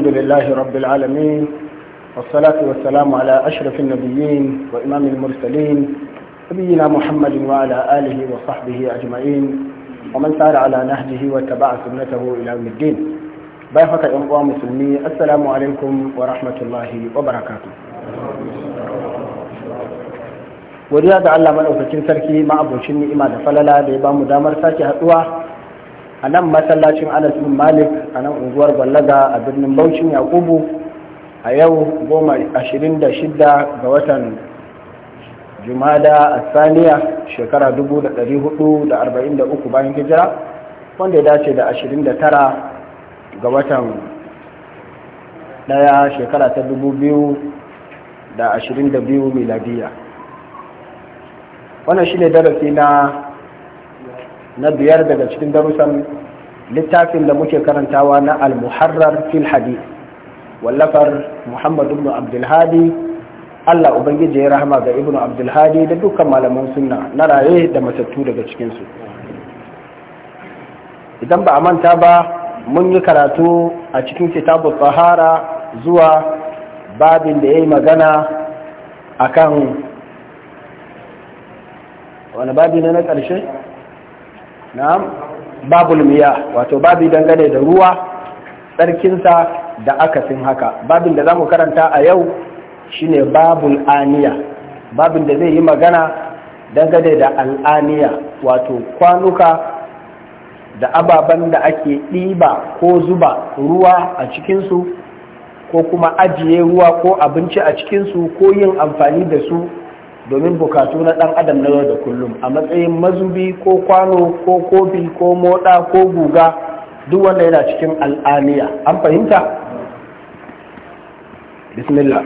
الحمد لله رب العالمين والصلاة والسلام على أشرف النبيين وإمام المرسلين نبينا محمد وعلى آله وصحبه أجمعين ومن سار على نهجه واتبع سنته إلى يوم الدين بايفك أنقوى مسلمي السلام عليكم ورحمة الله وبركاته godiya da Allah madaukakin sarki مع أبو شني da falala da ya bamu damar a nan masallacin anas bin malik a nan unguwar gwallaga a birnin baucin yakubu a yau goma ashirin da shidda ga watan jumada a saniya shekara dubu da dari hudu da arba'in da uku bayan hijira wanda ya dace da ashirin da tara ga watan daya shekara ta dubu biyu da ashirin da biyu miladiya wannan shi ne darasi na na biyar daga cikin darussan littafin da muke karantawa na al-muharrar fil hadith wallafar muhammad ibn abdulhadi allah ubangiji ya rahama ga ibn abdulhadi da dukkan malaman sunna na raye da matattu daga cikinsu idan ba a manta ba mun yi karatu a cikin kitabun tsahara zuwa babin da ya yi magana a kan wani babi ne na ƙarshe? na'am babul miyah wato babi dangane da ruwa tsarkinsa da akasin haka babin da za mu karanta a yau shine babul aniya babin da zai yi magana dangane da al'aniya wato kwanuka da ababen da ake ɗiba ko zuba ruwa a cikinsu ko kuma ajiye ruwa ko abinci a cikinsu ko yin amfani da su domin bukatu na ɗan adam na yau da kullum a matsayin mazubi ko kwano ko kofi ko moɗa ko guga duk wanda yana cikin al'aniya an fahimta bismillah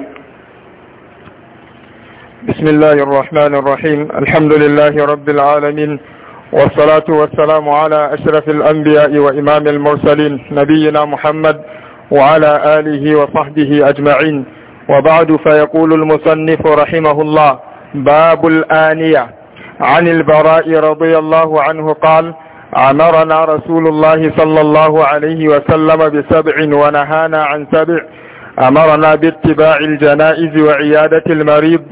بسم الله الرحمن الرحيم الحمد لله رب العالمين والصلاة والسلام على أشرف الأنبياء وإمام المرسلين نبينا محمد وعلى آله وصحبه أجمعين وبعد فيقول المصنف رحمه الله باب الآنية عن البراء رضي الله عنه قال أمرنا رسول الله صلى الله عليه وسلم بسبع ونهانا عن سبع أمرنا باتباع الجنائز وعيادة المريض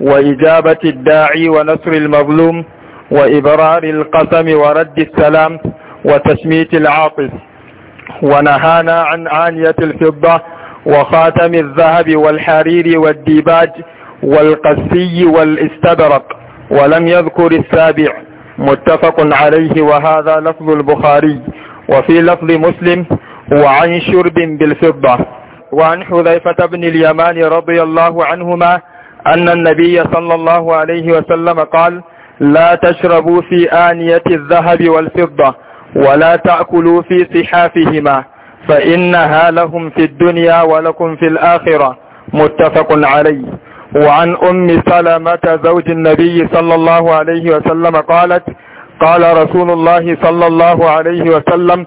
وإجابة الداعي ونصر المظلوم وإبرار القسم ورد السلام وتشميت العاطس ونهانا عن آنية الفضة وخاتم الذهب والحرير والديباج والقسي والاستبرق ولم يذكر السابع متفق عليه وهذا لفظ البخاري وفي لفظ مسلم وعن شرب بالفضة وعن حذيفة بن اليمان رضي الله عنهما أن النبي صلى الله عليه وسلم قال لا تشربوا في آنية الذهب والفضة ولا تأكلوا في صحافهما فإنها لهم في الدنيا ولكم في الآخرة متفق عليه وعن أم سلمة زوج النبي صلى الله عليه وسلم قالت قال رسول الله صلى الله عليه وسلم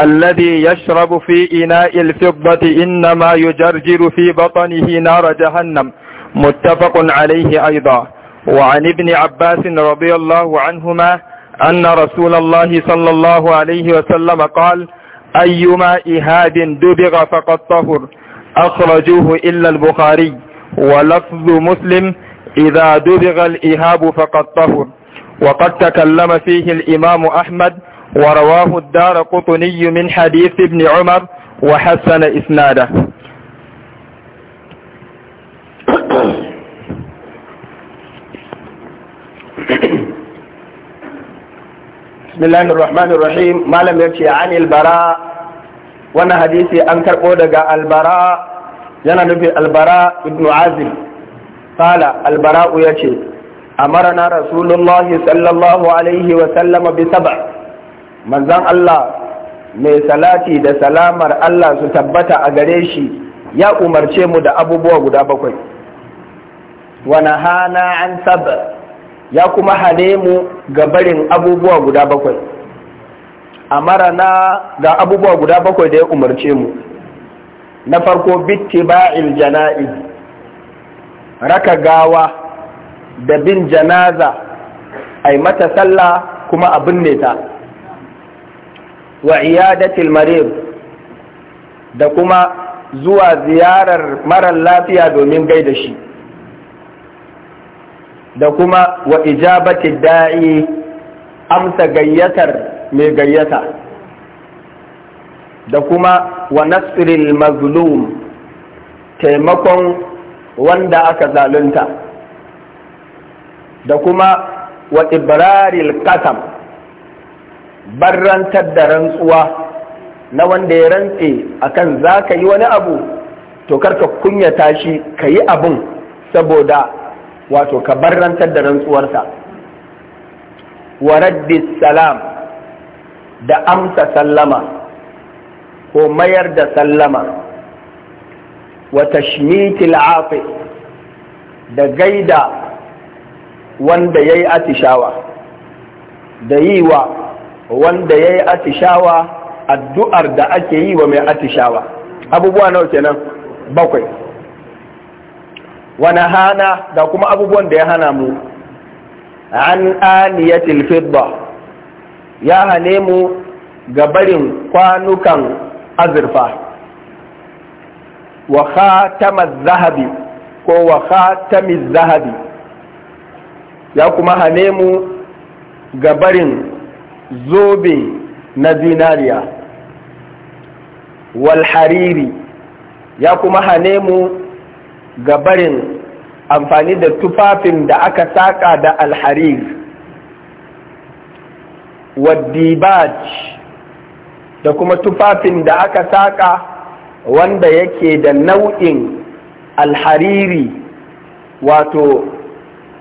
الذي يشرب في إناء الفضة إنما يجرجر في بطنه نار جهنم متفق عليه أيضا وعن ابن عباس رضي الله عنهما أن رسول الله صلى الله عليه وسلم قال أيما إهاب دبغ فقد طهر أخرجوه إلا البخاري ولفظ مسلم إذا دبغ الإهاب فقد طهر وقد تكلم فيه الإمام أحمد ورواه الدار قطني من حديث ابن عمر وحسن إسناده بسم الله الرحمن الرحيم ما لم يرشي عن البراء وانا حديثي أنكر قودة البراء yana nufin albara ibn azim fala albara'u ya ce na rasulullahi sallallahu alaihi wa sallama bi saba manzan Allah mai salati da salamar Allah su tabbata a gare shi ya umarce mu da abubuwa guda bakwai wana hana an saba ya kuma hane mu ga barin abubuwa guda bakwai na ga abubuwa guda bakwai da ya umarce mu na farko bitti bittiba'il jana'iz raka gawa da bin janaza ai mata sallah kuma a binne ta wa iyadatil marid da kuma zuwa ziyarar marar lafiya domin gaida shi da kuma wa ijabati da'i amsa gayyatar mai gayyata da kuma wa nasril mazlum taimakon wanda aka zalunta da kuma wa ibraril qasam barrantar da rantsuwa na wanda ya rantse akan za ka yi wani abu to karka kunyata shi ka yi abin saboda wato ka barrantar da rantsuwarsa wa raddi salam da amsa sallama ko mayar da sallama wa tashmitil afi da gaida wanda ya yi atishawa da yi wanda ya yi atishawa addu'ar da ake yi wa mai atishawa abubuwa nawa kenan bakwai wani hana da kuma abubuwan da ya hana mu an aniyatil fidda ya hane mu ga barin kwanukan azurfa wa zahabi ko wa khatamiz zahabi ya kuma hane mu gabarin zobe na zinariya wal ya kuma hane mu gabarin amfani da tufafin da aka saka da alhariri wadibaj da kuma tufafin da aka saƙa wanda yake da nau'in alhariri wato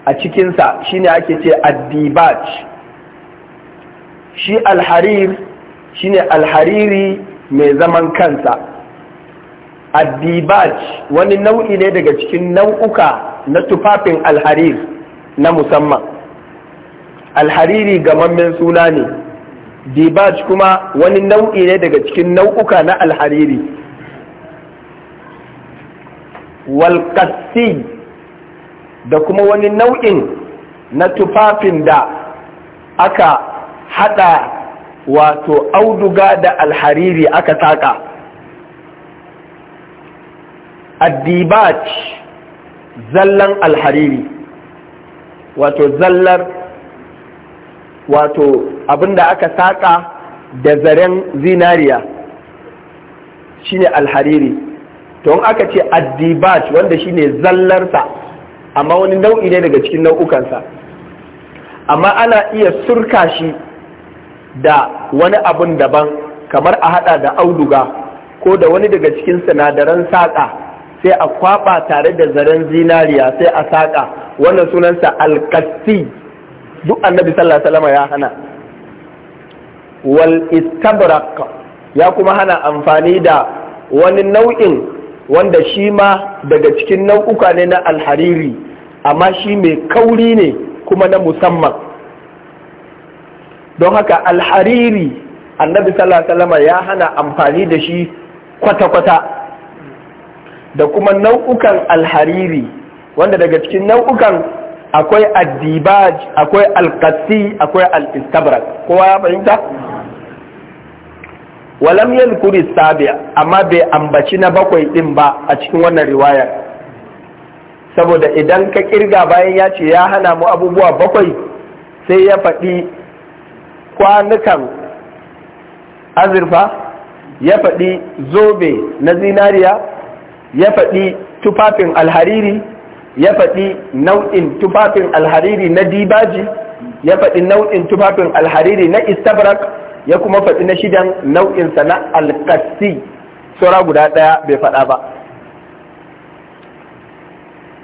a cikinsa shine ake ce addibaj shi alharir shi ne alhariri mai zaman kansa addibaj wani nau'i ne daga cikin nau'uka na tufafin alharir na musamman alhariri gamammen suna ne dibaj kuma wani nau'i ne daga cikin nau'uka na alhariri walƙassi da kuma wani nau'in na tufafin da aka hada wato auduga da alhariri aka taka addibaj zallan alhariri wato zallar wato abin da aka saka da zaren zinariya shine alhariri to aka ce addibat wanda shine zallarsa amma wani nau'i ne daga cikin nau'ukansa amma ana iya surka shi da wani abin daban kamar a hada da auduga ko da wani daga cikin sinadaran saƙa sai a kwaba tare da zaren zinariya sai a saƙa wannan sunansa alkasti duk annabi sallallahu alaihi ya hana wal istabraq ya kuma hana amfani da wani nau'in wanda shi ma daga cikin nau'uka ne na alhariri amma shi mai kauri ne kuma na musamman don haka alhariri annabi sallallahu alaihi ya hana amfani da shi kwata-kwata da kuma nau'ukan alhariri wanda daga cikin nau'ukan akwai addibaj akwai alkasi akwai al-istabrak kowa ya fahimta walam yadhkuri sabi'a amma bai ambaci na bakwai din ba a cikin wannan riwayar saboda idan ka kirga bayan ya ce ya hana mu abubuwa bakwai sai ya faɗi kwanukan azurfa ya faɗi zobe na zinariya ya faɗi tufafin alhariri ya faɗi nau'in tufafin alhariri na dibaji ya faɗi nau'in tufafin alhariri na istabrak ya kuma faɗi na shidan nau'insa na alkassi saura guda ɗaya bai faɗa ba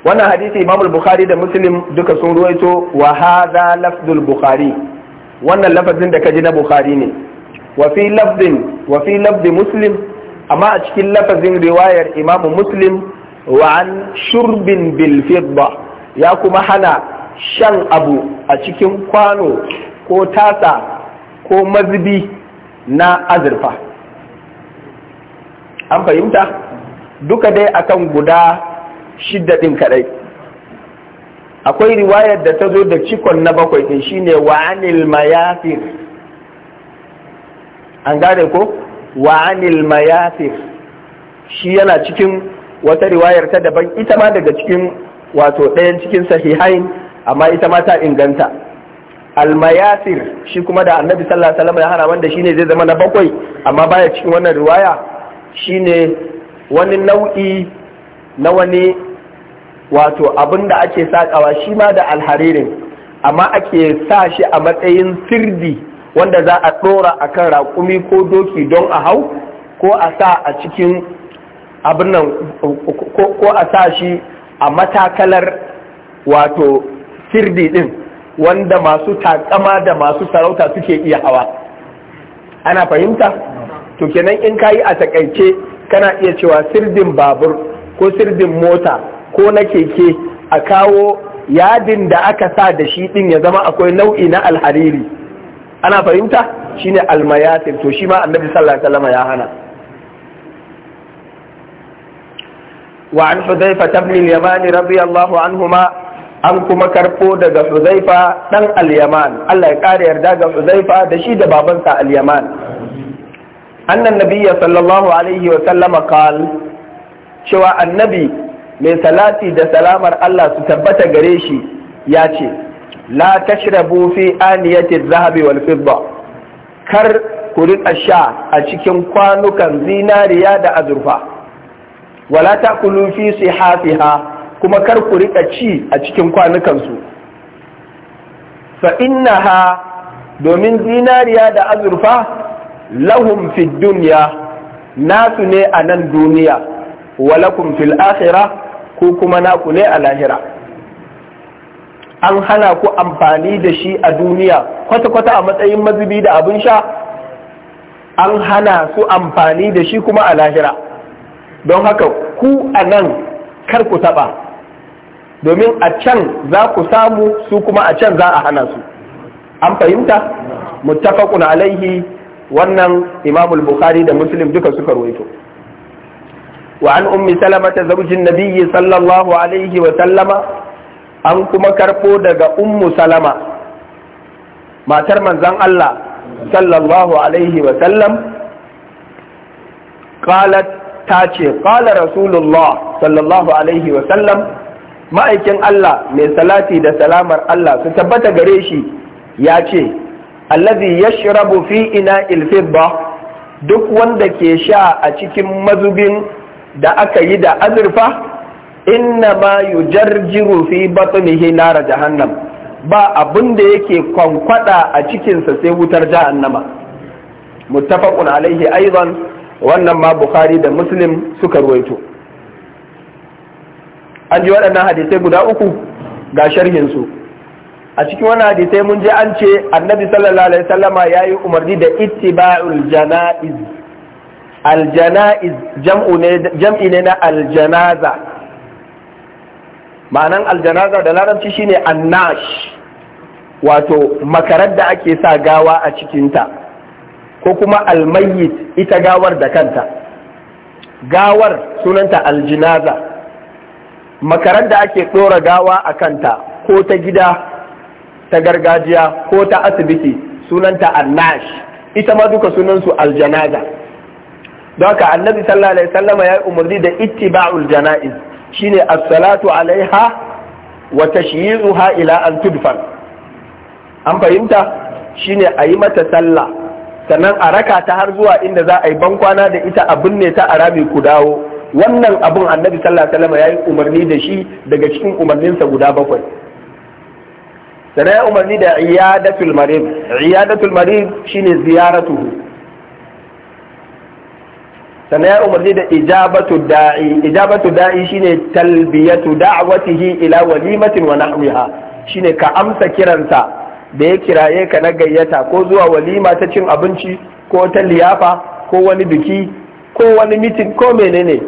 wannan hadisi imamul bukhari da muslim duka sun ruwaito wa hadha lafzul bukhari wannan lafazin da kaji na bukhari ne wa fi lafzin wa fi lafzi muslim amma a cikin lafazin riwayar imamu muslim wa an shurbin bil fidda ya kuma hana shan abu a cikin kwano ko tasa ko mazubi na azurfa an fahimta duka dai akan guda shidda ɗin kaɗai akwai riwayar da ta zo da cikon na bakwai ɗin shine wa anil mayafir an ko wa anil mayafir shi yana cikin wata riwayar ta daban ita ma daga cikin wato ɗayan cikin sahihain amma ita ma ta inganta almayasir shi kuma da annabi sallallahu alaihi wasallam ya hana wanda shine zai zama na bakwai amma baya cikin wannan riwaya shine wani nau'i na wani wato abin da ake sakawa shi ma da alharirin amma ake sa shi a matsayin sirdi wanda za a ɗora a kan raƙumi ko doki don a hau ko a sa a cikin abin nan ko a sa shi a matakalar wato sirdi ɗin wanda masu takama da masu sarauta suke iya hawa ana fahimta to kenan in kayi a takaice kana iya cewa sirdin babur ko sirdin mota ko na keke a kawo yadin da aka sa da shi ɗin ya zama akwai nau'i na alhariri ana fahimta shine almayatir to shi ma annabi sallallahu alaihi wasallam ya hana وعن حذيفة بن اليمان رضي الله عنهما an kuma karfo daga Huzaifa ɗan al'yaman Allah ya ƙara yarda ga Huzaifa da shi da babansa al'yaman. yaman annan nabiyya sallallahu alaihi wa sallama qal cewa annabi mai salati da salamar Allah su tabbata gare shi ya ce la tashrabu fi aniyati adh wal fidda kar ku riƙa sha a cikin kwanukan zinariya da azurfa wala kulu fi sihafiha kuma kar ku rika ci a cikin su. fa innaha domin zinariya da azurfa lahum fi dunya nasu ne a nan duniya walakum fil akhirah ko kuma naku ne a lahira an hana ku amfani da shi a duniya kwata-kwata a matsayin mazubi da abin sha an hana su amfani da shi kuma a lahira don haka ku anan kar ku taɓa domin a can za ku samu su kuma a can za a hana su an fahimta muttafaqun alaihi wannan imamul bukhari da muslim duka suka ruwaito wa an ummi salamata zaujin nabiyyi sallallahu alaihi wa sallama an kuma karfo daga ummu salama matar manzon Allah sallallahu alaihi wa sallam qalat ta ce qala rasulullah sallallahu alaihi wa sallam ma'aikin Allah mai salati da salamar Allah su tabbata gare shi ya ce allazi yashrabu fi ina fidda duk wanda ke sha a cikin mazubin da aka yi da azurfa inna ma yujarjiru fi batnihi nar jahannam ba abunda da yake kwankwada a cikinsa sai wutar jahannama muttafaqun alaihi aidan wannan ma bukhari da muslim suka ruwaito an ji waɗannan hadisai guda uku ga sharhinsu a cikin wannan hadisai mun ji an ce annabi sallallahu alaihi sallama ya yi umarni da ittiba'ul jana'iz aljana'iz jam'i ne na aljanaza ma'anan aljanaza da larabci shine annash wato makarar da ake sa gawa a cikinta ko kuma almayyit ita gawar da kanta gawar sunanta aljinaza makarar da ake ɗora gawa a kanta ko ta gida ta gargajiya ko ta asibiti sunanta annash ita ma duka sunansu aljanaza don haka annabi sallallahu alaihi sallama ya yi umarni da ittiba'ul jana'iz shine as-salatu alaiha wa tashyi'uha ila an tudfan an fahimta shine a yi mata sallah sannan a raka ta har zuwa inda za a yi bankwana da ita a binne ta a rami ku dawo wannan abun annabi sallallahu alaihi wasallam yayi umarni da shi daga cikin umarninsa guda bakwai sannan ya umarni da iyadatul marid iyadatul marid shine ziyaratuhu sannan ya umarni da ijabatu da'i ijabatu da'i shine talbiyatu da'watihi ila walimatin wa nahwiha shine ka amsa kiransa da ya kiraye ka na gayyata ko zuwa walima ta cin abinci ko ta liyafa ko wani biki ko wani mitin ko menene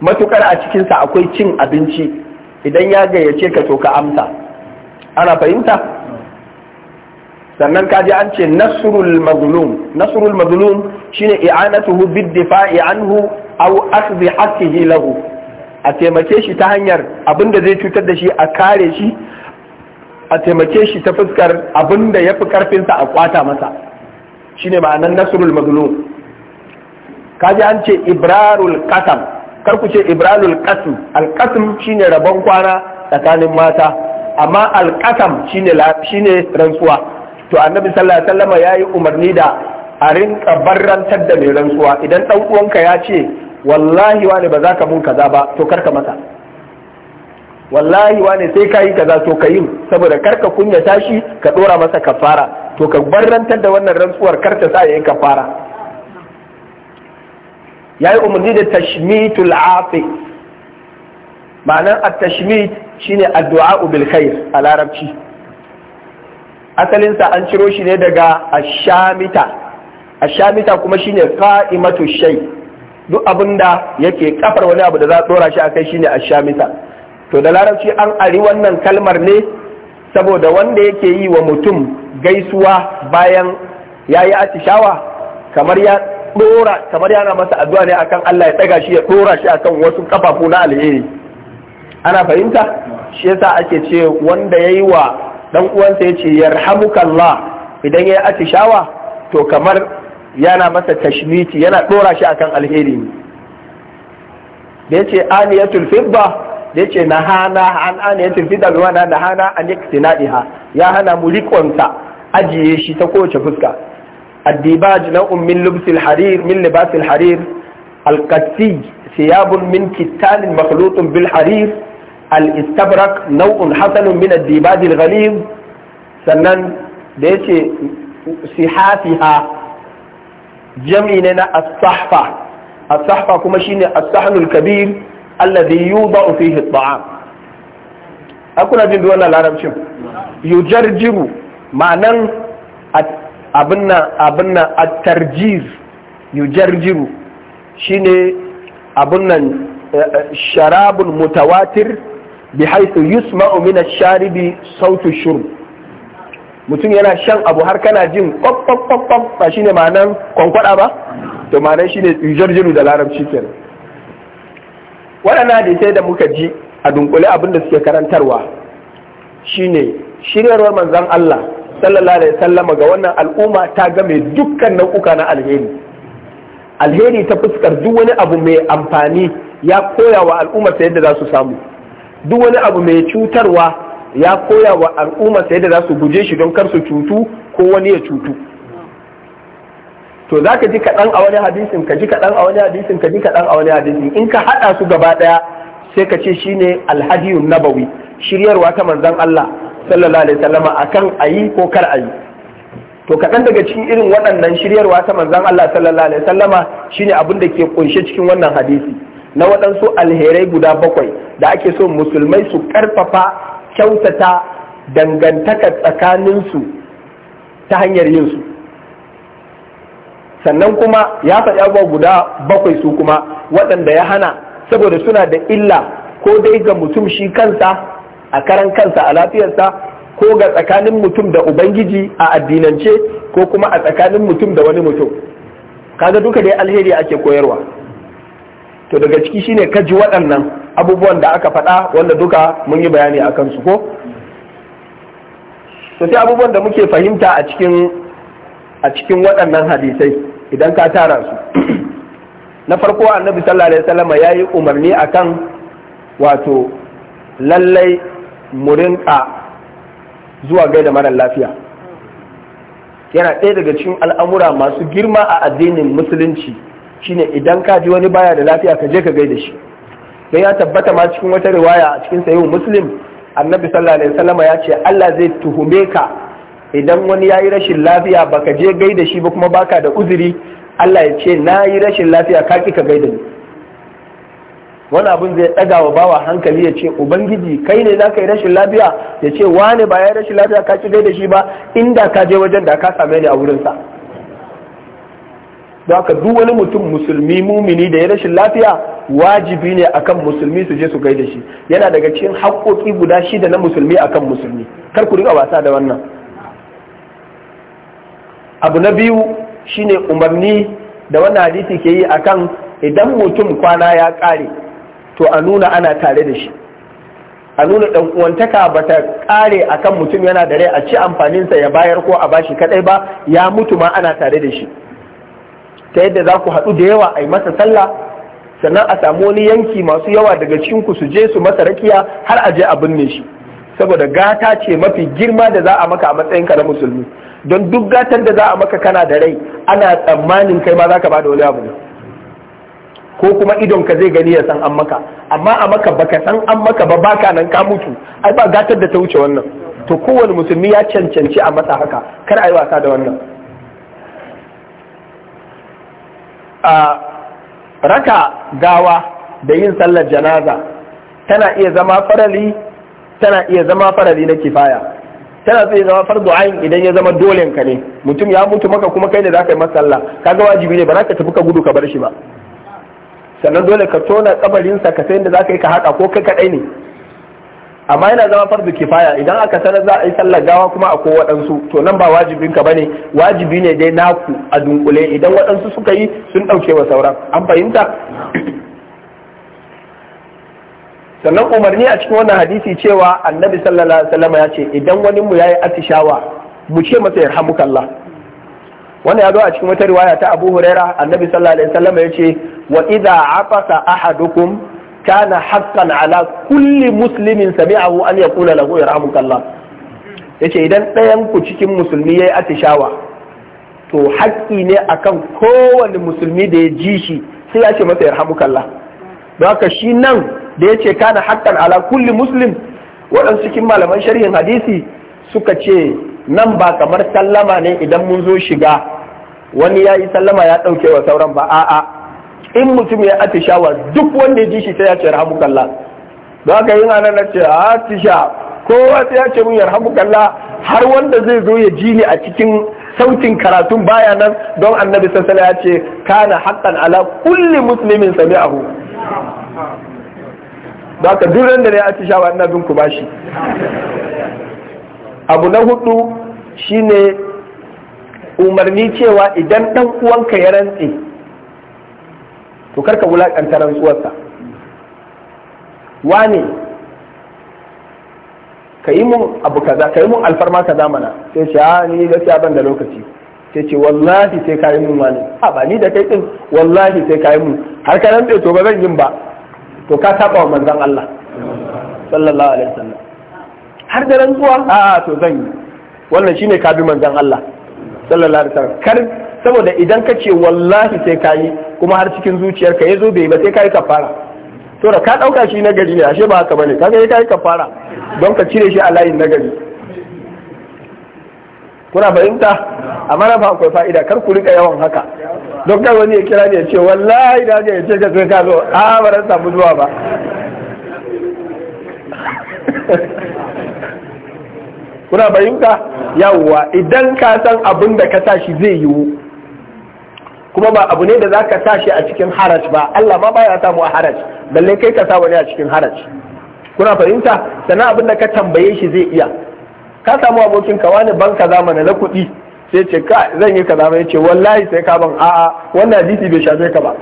matukar a cikinsa akwai cin abinci idan ya gayyace ka to ka amsa ana fahimta sannan kaji an ce nasrul mazlum nasrul mazlum shine i'anatuhu bid difa'i anhu aw akhdhi haqqihi lahu a taimake shi ta hanyar abinda zai cutar da shi a kare shi a taimake shi ta fuskar abin da ya fi karfinsa a kwata masa shine ma'anan nasrul mazlum kaji an ce ibrarul qasam karku ce ibrarul qasm al shine rabon kwana tsakanin mata amma al shine shine rantsuwa to annabi sallallahu alaihi wasallam yayi umarni da a rinka barrantar da mai rantsuwa idan dan uwanka ya ce wallahi wani ba za ka mun kaza ba to karka masa wallahi wane sai ka kayi kaza to kayi saboda kar ka kunya tashi ka dora masa kafara to ka barrantar da wannan rantsuwar kar ta sa yayi kafara yayi umarni da tashmitul afi ma'anar at-tashmit shine addu'a bil khair a larabci asalinsa an ciro shi ne daga ashamita ashamita kuma shine qa'imatu shay duk abinda yake kafar wani abu da za a dora shi akai shine ashamita to da larabci an ari wannan kalmar ne saboda wanda yake yi wa mutum gaisuwa bayan ya yi atishawa kamar ya dora kamar yana masa addu'a ne akan Allah ya daga shi ya dora shi akan wasu kafafu na alheri ana fahimta shi yasa ake ce wanda yayi wa dan uwansa yace yarhamukallah idan yayi atishawa to kamar yana masa tashniti yana dora shi akan alheri ne da yace aniyatul fibba da yace na hana an ana yace fi daga wannan na hana an iktinadiha ya hana mu rikonta ajiye shi ta kowace fuska addibaj nau'un ummin lubsil harir min libasil harir alqatsi siyabun min kitalin makhlutun bil harir al-istabrak nau'un hasanun min addibaj ghalib sannan da yace sihatiha jami'ina as-sahfa as-sahfa kuma shine as-sahnul kabir alladhi yudau fihi at'am akuna jin wannan larabcin yujarjiru ma'anan abin nan abin nan at-tarjiz yujarjiru shine abin nan eh, eh, sharabul mutawatir bi haythu yusma'u min ash-sharibi sautu shurb mutum yana shan abu har kana jin kwaf kwaf kwaf ba shine ma'anan kwankwada ba to ma'anan shine yujarjiru da larabci kenan da sai da muka ji a dunkule abin da suke karantarwa shine shiryarwar manzon Allah sallallahu alaihi sallama ga wannan al'umma ta game dukkan nau'uka na alheri alheri ta fuskar duk wani abu mai amfani ya koya wa sai yadda za su samu duk wani abu mai cutarwa ya koya wa sai yadda za su guje shi don kar su cutu ko wani ya cutu to za ka ji kaɗan a wani hadisin ka ji kaɗan a wani hadisin ka ji kaɗan a wani hadisin in ka haɗa su gaba ɗaya sai ka ce shine alhadiyun nabawi shiryarwa ta manzon Allah sallallahu alaihi wasallama akan ayi ko kar ayi to kaɗan daga cikin irin waɗannan shiryarwa ta manzon Allah sallallahu alaihi wasallama shine abin da ke kunshe cikin wannan hadisi na waɗansu alherai guda bakwai da ake so musulmai su ƙarfafa kyautata dangantaka tsakaninsu ta hanyar yinsu sannan kuma ya faɗi abubuwa guda bakwai su kuma waɗanda ya hana saboda suna da illa ko dai ga mutum shi kansa a karan kansa a lafiyarsa ko ga tsakanin mutum da ubangiji a addinance ko kuma a tsakanin mutum da wani mutum kaga duka dai alheri ake koyarwa to daga ciki shine ka ji waɗannan abubuwan da aka faɗa wanda duka mun yi bayani a kansu ko to sai abubuwan da muke fahimta a cikin a cikin waɗannan hadisai idan ka tara su na farko annabi sallallahu alaihi wasallam ya yi umarni akan wato lallai murinka zuwa gaida mara lafiya yana ɗaya daga cikin al'amura masu girma a addinin musulunci shine idan ka ji wani baya da lafiya ka je ka gaida shi don ya tabbata ma cikin wata riwaya a cikin sayin muslim annabi sallallahu alaihi wasallam ya ce Allah zai tuhume ka idan wani ya yi rashin lafiya baka je gaida shi ba kuma baka da uzuri Allah ya ce na yi rashin lafiya ka ki ka gaida ni wani abin zai ɗaga wa bawa hankali ya ce ubangiji kai ne za ka yi rashin lafiya ya ce wane ba ya yi rashin lafiya ka ki gaida shi ba inda ka je wajen da ka same ni a wurinsa don haka duk wani mutum musulmi mumini da ya rashin lafiya wajibi ne akan musulmi su je su gaida shi yana daga cikin haƙƙoƙi guda shida na musulmi akan musulmi kar ku riƙa wasa da wannan abu na biyu shine umarni da wannan hadisi ke yi akan idan mutum kwana ya kare to a nuna ana tare da shi a nuna ɗan uwantaka bata ta ƙare akan mutum yana da rai a ci amfaninsa ya bayar ko a bashi kaɗai ba ya mutu ma ana tare da shi ta yadda za ku haɗu da yawa a yi masa sallah sannan a samu wani yanki masu yawa daga cikin ku su je su masa rakiya har a je a binne shi saboda gata ce mafi girma da za a maka a matsayinka na musulmi don duk gatan da za a maka kana da rai ana tsammanin kai ma za ka bada wani abu ne. ko kuma idonka zai gani ya san an maka amma a maka baka san an maka ba baka nan ka mutu ai ba gatar da ta wuce wannan to kowane musulmi ya cancanci a masa haka kar a yi wasa da wannan a raka gawa da yin sallar janaza tana iya zama farali tana iya zama farali na kifaya tana zai zama fardu ayin idan ya zama dolen ka ne mutum ya mutu maka kuma kai ne za ka yi masalla kaga wajibi ne ba za ka tafi ka gudu ka bar shi ba sannan dole ka tona kabarinsa ka sai da za ka yi ka haka ko kai kaɗai ne amma yana zama fardu kifaya idan aka sanar za a yi sallar gawa kuma a waɗansu to nan ba wajibin ka ne wajibi ne dai naku a dunkule idan waɗansu suka yi sun ɗauke wa sauran an fahimta sannan umarni a cikin wannan hadisi cewa annabi sallallahu alaihi wasallam ya ce idan wani mu yayi atishawa mu ce masa yarhamukallah wannan ya zo a cikin wata riwaya ta Abu Huraira annabi sallallahu alaihi wasallam ya ce wa idza afasa ahadukum kana haqqan ala kulli muslimin sami'ahu an yaqula lahu yarhamukallah yace idan ɗayan ku cikin musulmi yayi atishawa to haƙƙi ne akan kowane musulmi da ya ji shi sai ya ce masa yarhamukallah don haka shi nan da ya ce kana haƙƙan ala kulli muslim waɗansu cikin malaman sharhin hadisi suka ce nan ba kamar sallama ne idan mun zo shiga wani ya yi sallama ya ɗauke wa sauran ba a'a in mutum ya atishawa duk wanda ya ji shi sai ya ce rahamukallah don haka yin ana na ce atisha kowa sai ya ce mun yarhamukallah har wanda zai zo ya ji ni a cikin sautin karatun baya nan don annabi sassana ya ce kana haƙƙan ala kulli muslimin sami'ahu ba ka duran da a ci atishawa ina bin ku bashi abu na hudu shine umarni cewa idan ɗan uwanka ya rantse to karka wulakanta rantsuwarsa wane ka yi mun abu kaza ka yi mun alfarma kaza mana sai ce a ah, ni gaskiya ban da lokaci sai ce wallahi sai kayi mun wani ha ba ni da kai din wallahi sai kayi mun har ka nan to ba zan yin ba to ka saba wa manzon Allah sallallahu alaihi wasallam har da rantsuwa a to zan yi wannan shine ka bi manzon Allah sallallahu alaihi wasallam kar saboda idan ka ce wallahi sai kayi kuma har cikin zuciyarka yazo bai ba sai kayi kafara to da ka dauka shi na gari ne ashe ba haka bane kaga sai kayi kafara don ka cire shi a layin nagari kuna fahimta A mana fa akwai fa'ida kar ku rika yawan haka don wani ya kira ne ya ce wallahi da ya ce ka sai ka zo a ba samu zuwa ba kuna fahimta yawwa idan ka san abin da ka tashi zai yiwu kuma ba abu ne da za ka tashi a cikin haraj ba Allah ma baya samu a haraj balle kai ka sa wani a cikin haraj kuna fahimta sannan abin da ka tambaye shi zai iya ka samu abokin ka wani ban kaza na kuɗi sai ce ka zan yi kaza mai ce wallahi sai ka ban a'a wannan hadisi bai shafe ka ba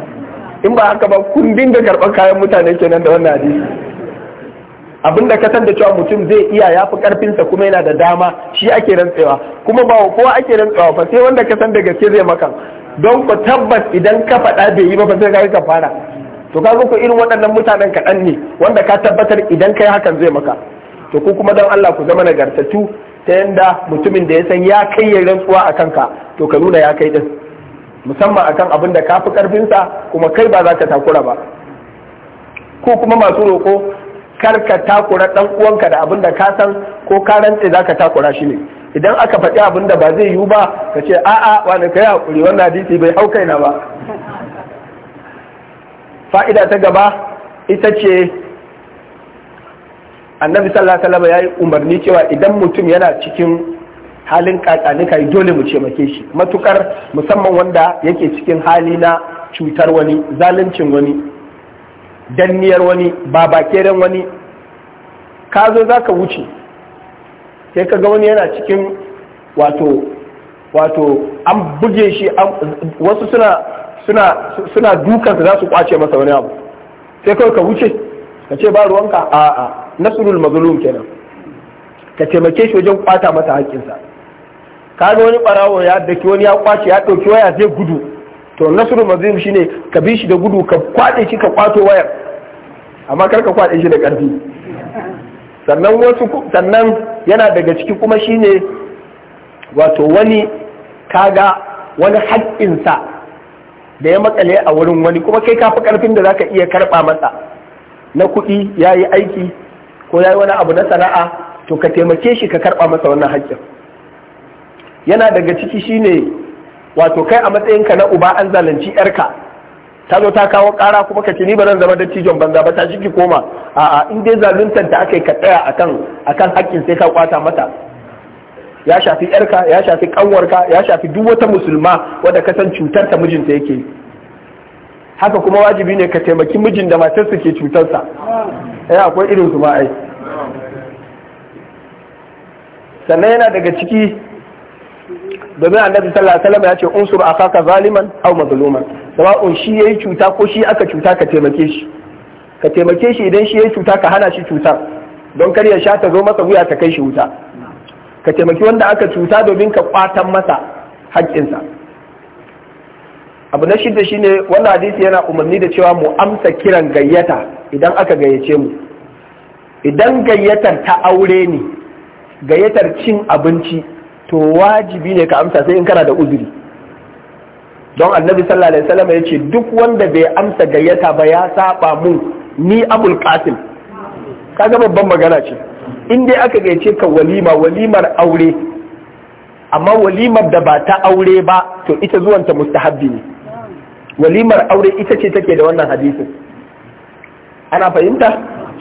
in ba haka ba kun dinga karɓar kayan mutane kenan da wannan hadisi abinda ka san da cewa mutum zai iya ya fi karfinsa kuma yana da dama shi ake rantsewa kuma ba kowa ake rantsewa fa sai wanda ka san da gaske zai maka don ku tabbas idan ka faɗa bai yi ba fa sai ka yi to ka ku irin waɗannan mutanen kaɗan ne wanda ka tabbatar idan ka yi hakan zai maka to ku kuma don Allah ku zama nagartattu ta yanda mutumin da ya san ya kai ya rantsuwa a kanka to ka nuna ya kai din musamman akan abin da kafi karfinsa kuma kai ba za ka takura ba ko kuma masu roƙo kar ka takura dan uwanka da abin da ka san ko ka rantse za ka takura shi ne idan aka faɗi abin da ba zai yiwu ba ka ce a'a wani kai hakuri wannan hadisi bai hau kaina ba fa'ida ta gaba ita ce annabi sallallahu alaihi wasallam yayi umarni cewa idan mutum yana cikin halin kakanika dole mu taimake shi matukar musamman wanda yake cikin hali na cutar wani zaluncin wani danniyar wani babakeren wani ka zo za ka wuce sai ka ga wani yana cikin wato wato an buge shi wasu suna suna suna dukansa za su kwace masa wani abu sai kawai ka wuce ka ce ba ruwanka a'a nasrul mazlum kenan ka taimake shi wajen kwata masa haƙƙinsa ka ga wani barawo ya daki wani ya kwace ya ɗauki waya zai gudu to nasrul mazlum shine ka bi shi da gudu ka kwaɗe shi ka kwato wayar amma kar ka kwaɗe shi da ƙarfi sannan wasu sannan yana daga ciki kuma shine wato wani kaga wani haƙƙinsa da ya makale a wurin wani kuma kai kafi karfin da zaka iya karɓa masa na kuɗi ya yi aiki ko ya yi wani abu na sana'a to ka taimake shi ka karɓa masa wannan haƙƙin yana daga ciki shine wato kai a matsayin ka na uba an zalunci yarka ta zo ta kawo ƙara kuma ka ce ni ba zan zama dattijon banza ba ta shi ki koma a'a in dai zaluntar ta aka yi ka tsaya akan akan haƙƙin sai ka kwata mata ya shafi yarka ya shafi kanwarka ya shafi duk wata musulma wadda ka san cutar ta mijinta yake yi haka kuma wajibi ne ka taimaki mijin da matarsa ke cutarsa ya eh, akwai irin su ma'ai sannan yana daga ciki domin annabi sallallahu alaihi wasallam ya ce unsur akaka zaliman aw mazluman un shi yayi cuta ko shi aka cuta ka taimake shi ka taimake shi idan shi yayi cuta ka hana shi cutar don kar ya sha ta zo masa wuya ta kai shi wuta ka taimaki wanda aka cuta domin ka kwatan masa haƙƙinsa abu na shida shine wannan hadisi yana umarni da cewa mu amsa kiran gayyata idan aka gayyace mu idan gayyatar ta aure ne gayyatar cin abinci to wajibi ne ka amsa sai in kana da uzuri don annabi sallallahu alaihi wasallam ya ce duk wanda bai amsa gayyata ba ya saba mun ni abul qasim kaga babban magana ce in dai aka gayyace ka walima walimar aure amma walimar da ba ta aure ba to ita zuwanta mustahabbi ne walimar aure ita ce take da wannan hadisin ana fahimta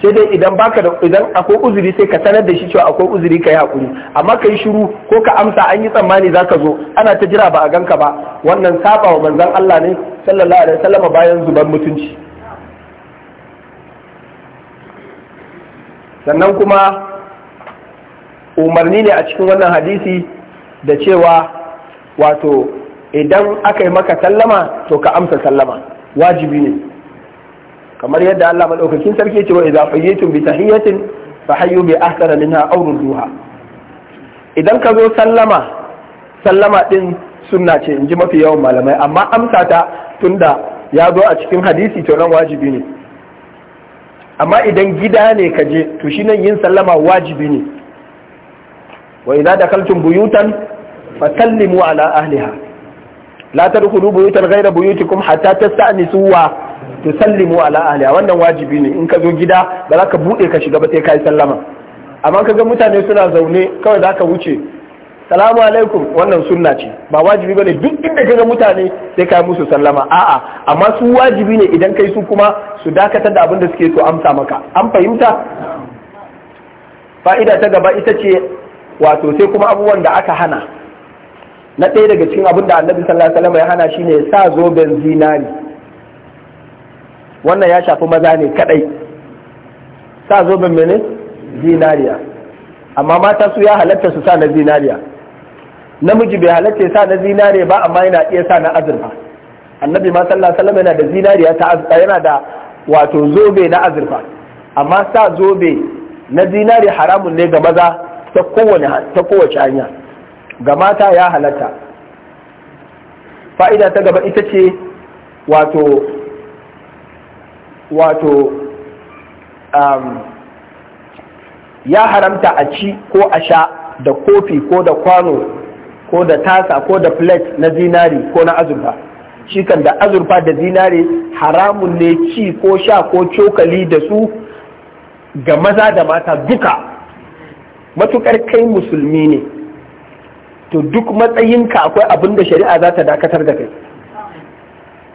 sai dai idan baka da idan akwai uzuri sai ka sanar da shi cewa akwai uzuri ka yi hakuri amma ka yi shiru ko ka amsa an yi tsammani zaka zo ana ta jira ba a ganka ba wannan saba wa manzon Allah ne sallallahu alaihi wasallam bayan zuban mutunci sannan kuma umarni ne a cikin wannan hadisi da cewa wato idan aka yi maka sallama to ka amsa sallama wajibi ne kamar yadda Allah madaukakin sarki ya ce wa idza fayyitum bi tahiyatin fa hayyu bi ahsana minha aw rudduha idan ka zo sallama sallama din sunna ce inji mafi yawan malamai amma amsa ta tunda ya zo a cikin hadisi to nan wajibi ne amma idan gida ne ka je to shi nan yin sallama wajibi ne wa idza dakaltum buyutan fa fasallimu ala ahliha la tadkhulu buyutan ghayra buyutikum ni su wa tusallimu ala ahliha wannan wajibi ne in ka zo gida ba za ka buɗe ka shiga ba sai yi sallama amma ga mutane suna zaune kawai za ka wuce salamu alaikum wannan sunna ce ba wajibi ba ne duk inda ka ga mutane sai ka yi musu sallama a'a amma su wajibi ne idan kai su kuma su dakatar da abin da suke so amsa maka an fahimta fa'ida ta gaba ita ce wato sai kuma abubuwan da aka hana na ɗaya daga cikin abin da annabi sallallahu alaihi wasallam ya hana shi ne sa zoben zinari wannan ya shafi maza ne kadai sa zoben mene zinariya amma mata su ya halatta su sa na zinariya namiji bai halatta ya sa na zinariya ba amma yana iya sa na azurfa annabi ma sallallahu alaihi wasallam yana da zinariya ta yana da wato zobe na azurfa amma sa zobe na zinari haramun ne ga maza ta kowace hanya ga mata ya halatta fa'ida ta gaba ita ce wato wato um, ya haramta a ci ko a sha da kofi ko da kwano ko da tasa ko da plate na zinari ko na azurfa shi kan da azurfa da zinari haramun ne ci ko sha ko cokali da su ga maza da mata duka matukar kai musulmi ne to duk matsayinka akwai abin da shari'a za ta dakatar da kai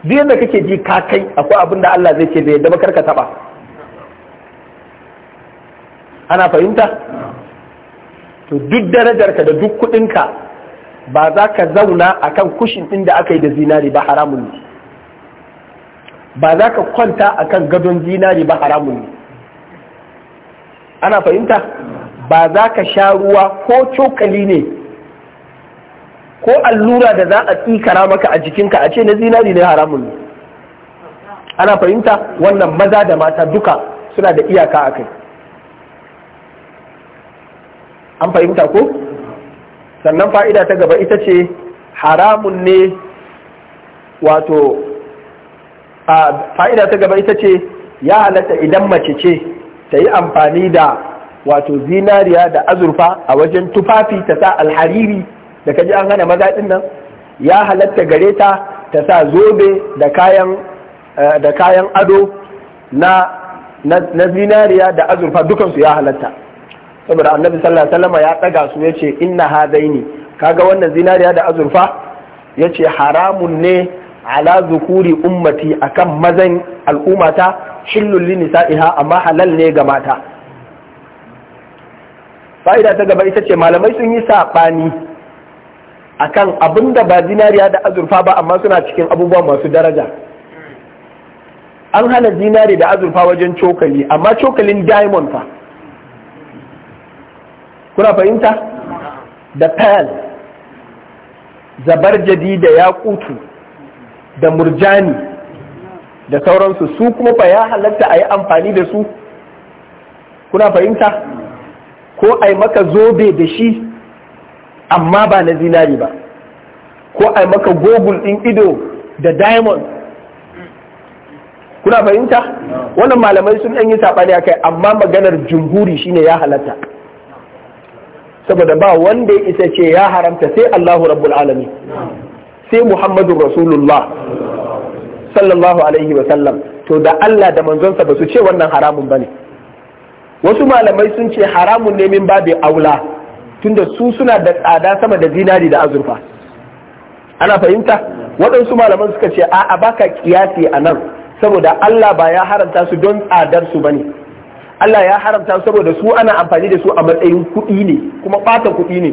duk yadda kake ji ka kai akwai abin da Allah zai ce bai yadda ka taba ana fahimta to duk darajarka da duk kudinka ba za ka zauna akan kushin ɗin da aka yi da zinari ba haramun ne ba za ka kwanta akan gadon zinari ba haramun ne ana fahimta ba za ka sha ruwa ko cokali ne ko allura da za a tsikara maka a jikinka a ce na zinari ne haramun ne ana fahimta wannan maza da mata duka suna da iyaka a kai an fahimta ko sannan fa'ida ta gaba ita ce haramun ne wato fa'ida ta gaba ita ce ya halatta idan mace ce ta yi amfani da wato zinariya da azurfa a wajen tufafi ta sa alhariri da ji an hana maza ɗin nan ya halatta gare ta ta sa zobe da kayan eh, ado na zinariya da azurfa dukansu ya halatta saboda annabi sallallahu alaihi wasallam ya tsaga su yace inna hadaini kaga wannan zinariya da azurfa yace haramun ne ala zukuri ummati akan mazan al'ummata shillul nisaiha amma halal ne ga mata fa'ida ta gaba ita ce malamai sun yi saɓani akan abin da ba zinariya da azurfa ba amma suna cikin abubuwa masu daraja an hana zinari da azurfa wajen cokali amma cokalin diamond fa kuna fahimta da pearl zabarjadi da yakutu da murjani da sauransu su kuma fa ya halatta a yi amfani da su kuna fahimta ko a yi maka zobe da shi amma ba na zinari ba ko a maka gogul ɗin ido da diamond kuna fahimta wannan malamai sun ɗan yi saɓani a kai amma maganar jumhuri shine ya halatta saboda ba wanda ya isa ce ya haramta sai Allahu rabbul alamin sai Muhammadu rasulullah sallallahu alaihi wa sallam to da Allah da manzonsa ba su ce wannan haramun ba ne? wasu malamai sun ce haramun ne min babu aula tunda su suna da tsada sama da zinari da azurfa ana fahimta waɗansu malaman suka ce a'a baka kiyasi a nan saboda Allah ba ya haramta su don tsadar su bane Allah ya haramta saboda su ana amfani da su a matsayin kuɗi ne kuma ɓata kuɗi ne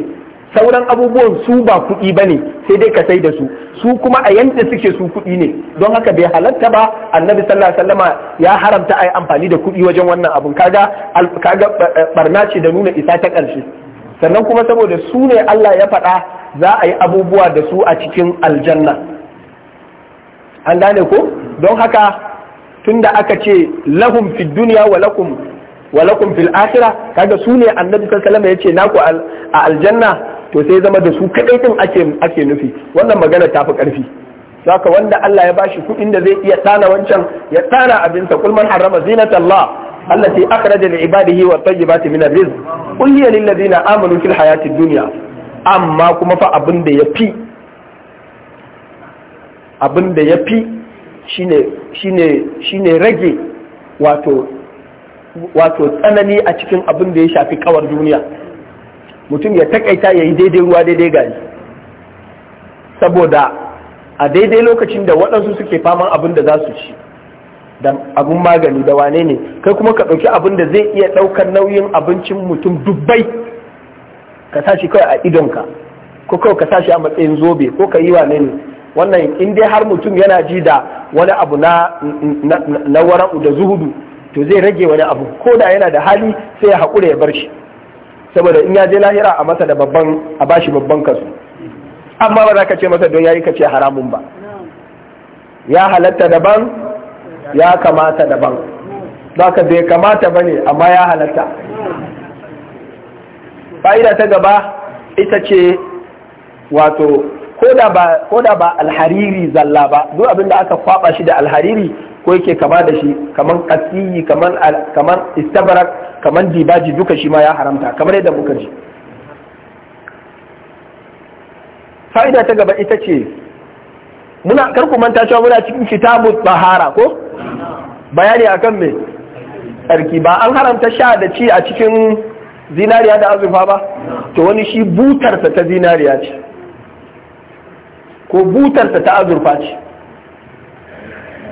sauran abubuwan su ba kuɗi ba ne sai dai ka sai da su su kuma a yanda suke su kuɗi ne don haka bai halatta ba annabi sallallahu alaihi wasallama ya haramta a yi amfani da kuɗi wajen wannan abun kaga kaga eh, eh, barna ce da nuna isa ta ƙarshe sannan kuma saboda su ne Allah ya faɗa za a yi abubuwa da su a cikin aljanna an gane ko don haka tunda aka ce lahum fi duniya wa lakum wa lakum fil akhirah kaga su ne annabi sallallahu ya ce naku a aljanna to sai zama da su kadai din ake ake nufi wannan magana ta fi karfi saka wanda Allah ya bashi kuɗin da zai iya tsana wancan ya tsana abinsa kulman harrama zinatallah allati akhraja li ibadihi wa tayyibati min ar-rizq qul hiya lil ladina amanu fil hayati amma kuma fa abin da yafi abin shine rage wato tsanani a cikin abin da ya shafi kawar duniya mutum ya takaita ya yi daidai ruwa daidai gari saboda a daidai lokacin da waɗansu suke faman abin da za su ci da abun magani da wane ne kai kuma ka ɗauki abin da zai iya ɗaukar nauyin abincin mutum dubbai ka sashi kawai a idonka ko kawai ka sashi a matsayin zobe ko ka yi wane ne wannan in dai har mutum yana ji da wani abu na na da zuhudu to zai rage wani abu ko da yana da hali sai ya haƙura ya bar shi saboda in ya je lahira a masa da babban a bashi babban kasu amma ba za ka ce masa don yayi ka ce haramun ba ya halatta daban ya kamata daban ka bai kamata ba ne amma ya halatta fa'ida ta gaba ita ce wato ko da ba alhariri zalla ba duk abin da aka kwaba shi da alhariri ko yake kama da shi kaman katsiyi kaman istabarak kaman dibaji duka shi ma ya haramta kamar yadda muka ji fa'ida ta gaba ita ce muna karku manta cewa muna cikin kitabu bahara ko bayani akan mai tsarki ba an haramta sha da ci a cikin zinariya da azurfa ba to wani shi butarsa ta zinariya ce ko butarsa ta azurfa ce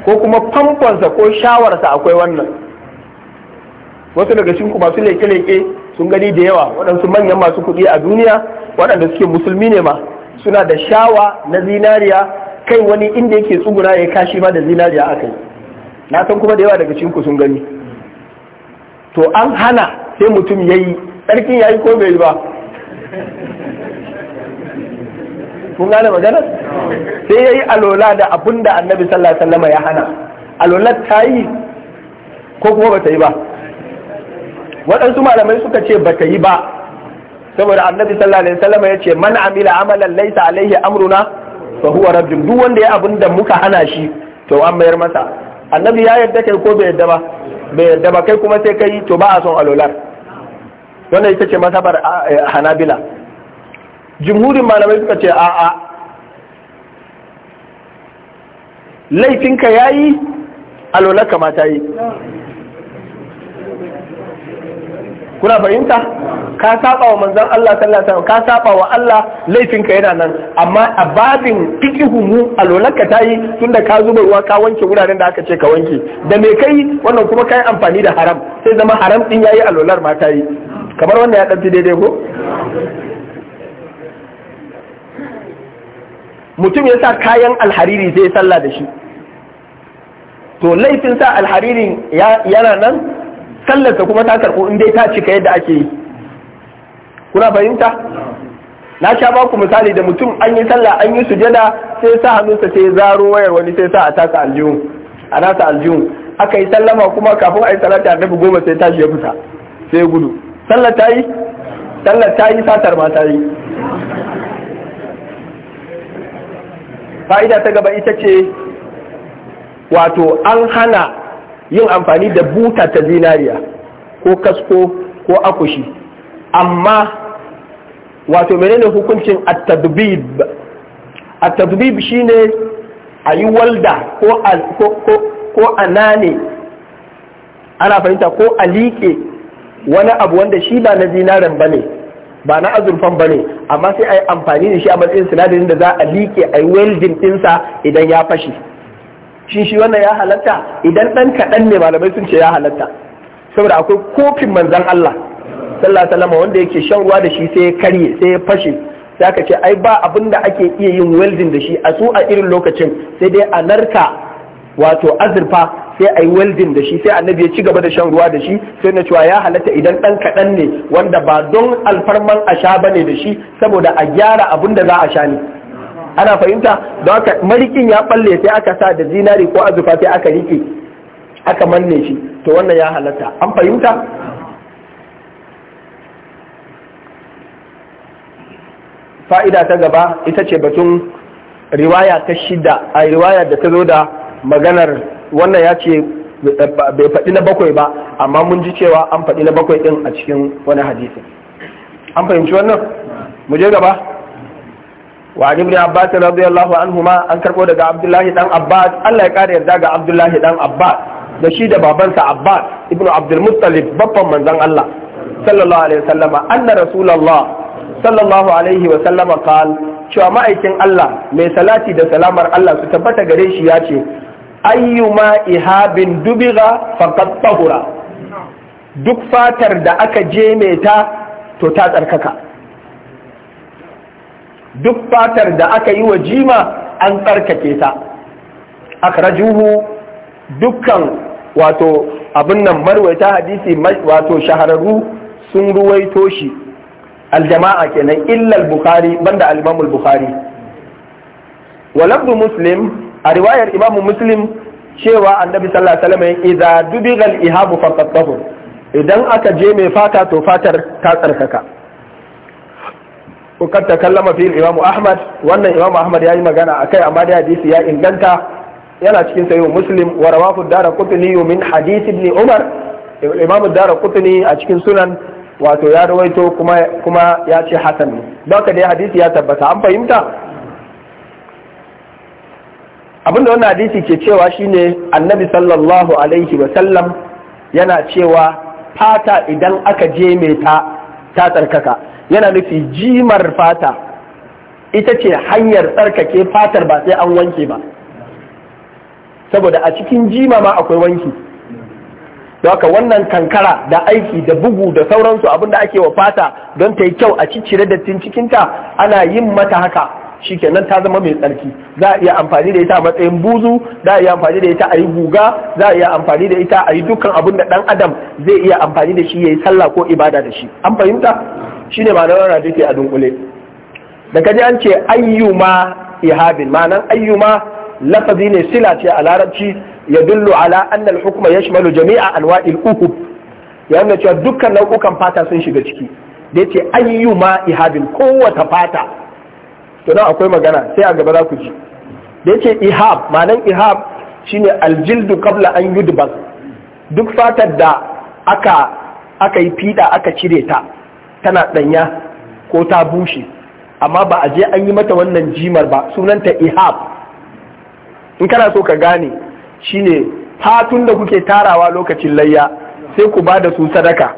ko kuma famfonsa ko shawarsa akwai wannan wasu daga cikin masu leke-leke sun gani da yawa waɗansu manyan masu kuɗi a duniya waɗanda suke musulmi ne ma suna da shawa na zinariya kai wani inda yake tsuguna ya kashi ma da zinariya aka yi na san kuma da yawa daga cikin sun gani to an hana sai mutum ya yi tsarkin ya yi ko bai ba kun gane magana sai ya yi alola da abin da annabi sallallahu alaihi wasallam ya hana alolar ta yi ko kuma ba ta yi ba waɗansu malamai suka ce ba ta yi ba saboda annabi sallallahu alaihi wasallam ya ce man amila amalan laisa alaihi amruna fahuwa huwa duk wanda ya abin da muka hana shi to an mayar masa annabi ya yarda kai ko bai yarda ba bai yarda ba kai kuma sai kai to ba a son alolar wanda ita ce masabar eh, hanabila jimhurin malamai suka ce a a laifinka yayi alolar kamata yi kuna fahimta ka saba wa manzon Allah sallallahu alaihi wasallam ka saba wa Allah laifin ka yana nan amma a babin fiqhu a alolaka tayi tunda ka zuba ruwa ka wanke wuraren da aka ce ka wanke da me kai wannan kuma kai amfani da haram sai zama haram din yayi lolar ma tayi kamar wannan ya danci daidai ko mutum ya sa kayan alhariri sai sallah da shi to laifin sa alharirin yana nan sallarsa kuma ta karɓo in dai ta cika yadda ake yi kuna fahimta na sha ba ku misali da mutum an yi sallah an yi sujada sai sa hannunsa sai zaro wayar wani sai sa a tasa aljihun a nasa aljihun aka yi sallama kuma kafin a yi salata annabi goma sai tashi ya fita sai gudu sallar ta yi sallar ta yi satar ma ta yi fa'ida ta gaba ita ce wato an hana yin amfani da buta ta zinariya ko kasko ko akushi amma wato menene hukuncin at-tadbib at-tadbib shine a yi walda ko ko anane ana fahimta ko a liƙe wani abu wanda shi ba na zinaren bane ba na azurfan bane amma sai a yi amfani da shi a matsayin sinadarin da za a liƙe a yi welding ɗinsa idan ya fashi shin shi wannan ya halatta idan ɗan kaɗan ne malamai sun ce ya halatta saboda akwai kofin manzan Allah sallallahu alaihi wanda yake shan ruwa da shi sai ya karye sai ya fashe sai aka ce ai ba abin da ake iya yin welding da shi a su a irin lokacin sai dai a narka wato azurfa sai a yi welding da shi sai annabi ya ci gaba da shan ruwa da shi sai na cewa ya halatta idan ɗan kaɗan ne wanda ba don alfarman a sha ba ne da shi saboda a gyara abin da za a sha ne ana fahimta don haka marikin ya balle sai aka sa da zinari ko azurfa sai aka rike aka manne shi to wannan ya halatta an fahimta fa'ida ta gaba ita ce batun riwaya ta shida a riwaya da ta zo da maganar wannan ya ce bai faɗi na bakwai ba amma mun ji cewa an faɗi na bakwai ɗin a cikin wani hadisi an fahimci wannan mu je gaba wa ibn abbas radiyallahu anhuma an karko daga abdullahi dan Abba. Allah ya kare yarda ga abdullahi dan Abba da shi da babansa Abba ibn abdul muttalib babban manzon Allah sallallahu alaihi wasallama anna rasulullah sallallahu alaihi wa sallama kal cewa ma'aikin Allah mai salati da salamar Allah su tabbata gare shi ya ce ayyuma ihabin dubiga faqad tahura duk fatar da aka je mai ta to ta tsarkaka duk fatar da aka yi wa jima an tsarkake ta akrajuhu dukkan wato abin nan marwaita hadisi wato shahararru sun ruwaito shi aljama'a kenan illal bukhari banda al-imamul bukhari wa lafzu muslim a riwayar imam muslim cewa annabi sallallahu alaihi wasallam idza dubiga al-ihabu faqad idan aka je mai fata to fatar ta tsarkaka وقد تكلم فيه الإمام أحمد وأن الإمام أحمد يأي مغانا أكي أما دي حديث يا إنغانتا يلا تشكين سيو مسلم ورواه الدار قطني من حديث ابن عمر الإمام الدار قطني أتشكين سنن wato ya rawaito kuma ya ce hasan ne Doka da dai hadisi ya tabbata an fahimta abinda wannan hadisi ke cewa shine annabi sallallahu alaihi wa sallam yana cewa fata idan aka je mai ta ta tsarkaka yana nufi jimar fata ita ce hanyar tsarkake fatar ba sai an wanke ba saboda a cikin jima ma akwai wanki haka wannan kankara da aiki da bugu da sauransu abin da ake wa fata don ta yi kyau a ciccire dattin cikinta ana yin mata haka shi nan ta zama mai tsarki za a iya amfani da ita a matsayin buzu za a iya amfani da ita a yi guga za a iya amfani da ita a yi dukkan abin da dan adam zai iya amfani da shi ya yi sallah ko ibada da shi an fahimta Shi shine ma'anar wannan take a dunkule da kaji an ce ayyuma ihabin ma'anar ayyuma lafazi ne sila ce a larabci ya dullu ala annal hukuma ya shimalu jami'a anwa'il uku ya yi cewa dukkan nau'ukan fata sun shiga ciki da ce yace ma ihadin kowata fata to nan akwai magana sai a gaba za ku ji da ce ihab ma'anan ihab shine aljildu kabla an yudbas duk fatar da aka aka yi fida aka cire ta tana danya ko ta bushe amma ba a je an yi mata wannan jimar ba sunanta ihab in kana so ka gane shine fatun da kuke tarawa lokacin layya sai ku ba da su sadaka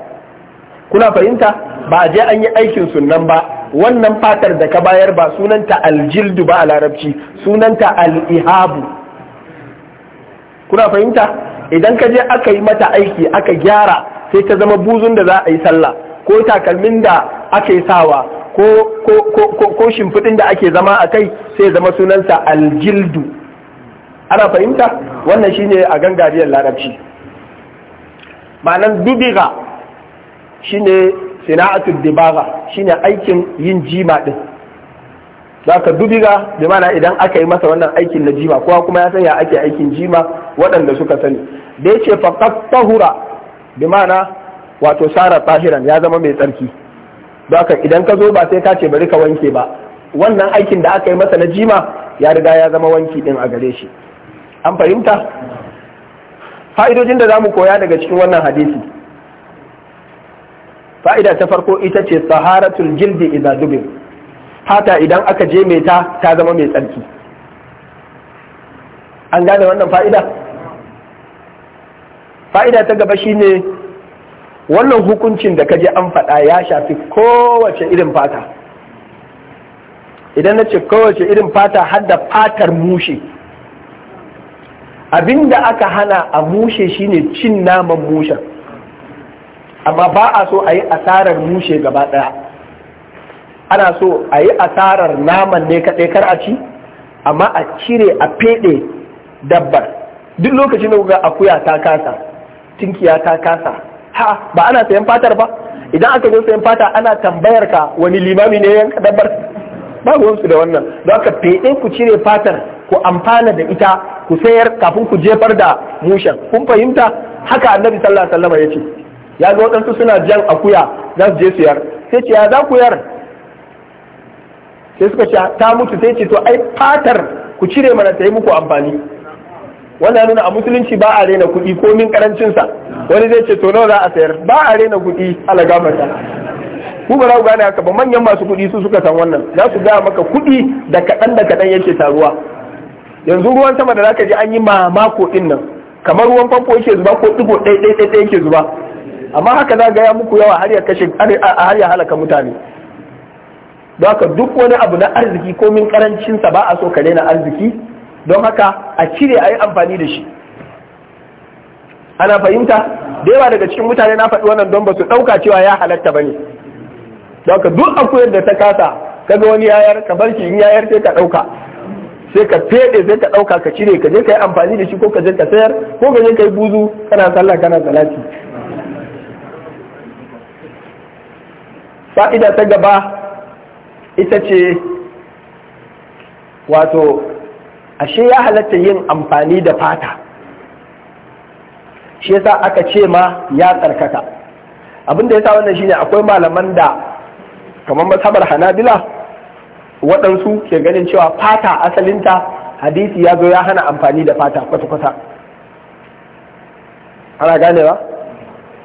kuna fahimta ba a je an yi aikin sunan ba wannan fatar da ka bayar ba sunanta aljildu ba a larabci sunanta al'ihabu kuna fahimta idan ka je aka yi mata aiki aka gyara sai ta zama buzun da za a yi sallah ko takalmin da yi sawa ko shimfiɗin da ake zama a kai sai zama sunansa aljildu ana fahimta wannan shine a gangariyar larabci ma'anan dubiga shine sana'atul dibaga shine aikin yin jima din ka dubiga da mana idan aka yi masa wannan aikin na jima kowa kuma ya san ake aikin jima waɗanda suka sani da ce faqat tahura da mana wato sara tahiran ya zama mai tsarki za ka idan ka zo ba sai ka ce bari ka wanke ba wannan aikin da aka yi masa na jima ya riga ya zama wanki din a gare shi an fahimta fa'idojin da za mu koya daga cikin wannan hadisi fa'ida ta farko ita ce saharatul jildi idza zube hata idan aka je mai ta ta zama mai tsarki an gane wannan fa'ida fa'ida ta gaba shine wannan hukuncin da kaje an faɗa ya shafi kowace irin fata idan na ce kowace irin fata har fatar mushe Abin da aka hana a mushe shine cin naman mushen amma ba a so a yi asarar mushe gaba ɗaya ana so a yi asarar naman ne kaɗai kar a ci amma a cire a feɗe dabbar duk lokacin da kuka akuya ta kasa tinkiya ta kasa ha ba ana sayan fatar ba idan aka zo sayan fata ana tambayar ka wani limami ne yanka dabbar ba ruwansu da wannan don aka feɗe ku cire fatar ku amfana da ita ku sayar kafin ku jefar da mushen kun fahimta haka annabi sallallahu alaihi wasallam yace ya ga waɗansu suna jan akuya za su je su sai ce ya za ku yar sai suka ce ta mutu sai ce to ai fatar ku cire mana ta yi muku amfani wannan nuna a musulunci ba a rena kuɗi ko min karancin sa wani zai ce to nawa za a sayar ba a rena kuɗi alaga mata ku ba za ku gane haka ba manyan masu kuɗi su suka san wannan za su gaya maka kuɗi da kaɗan da kaɗan yake taruwa yanzu ruwan sama da zaka ji an yi mamako din nan kamar ruwan famfo yake zuba ko digo ɗai ɗai ɗai yake zuba amma haka za ga ya muku yawa har ya kashe har ya halaka mutane don haka duk wani abu na arziki ko min karancin sa ba a so ka daina arziki don haka a cire a yi amfani da shi ana fahimta da yawa daga cikin mutane na faɗi wannan don ba su ɗauka cewa ya halatta ba ne don haka duk akuyar da ta kasa kaga wani yayar ka barki in yayar sai ka ɗauka sai ka fede sai ka dauka ka cire ka je ka amfani da shi ko ka je ka sayar ko ka je ka buzu kana sallah kana salati fa'ida ta gaba ita ce wato ashe ya halatta yin amfani da fata shi yasa aka ce ma ya tsarkaka abinda yasa wannan shine akwai malaman da kamar masabar hanabila waɗansu ke ganin cewa fata asalinta hadisi ya zo ya hana amfani da fata kwata-kwata ana gane ba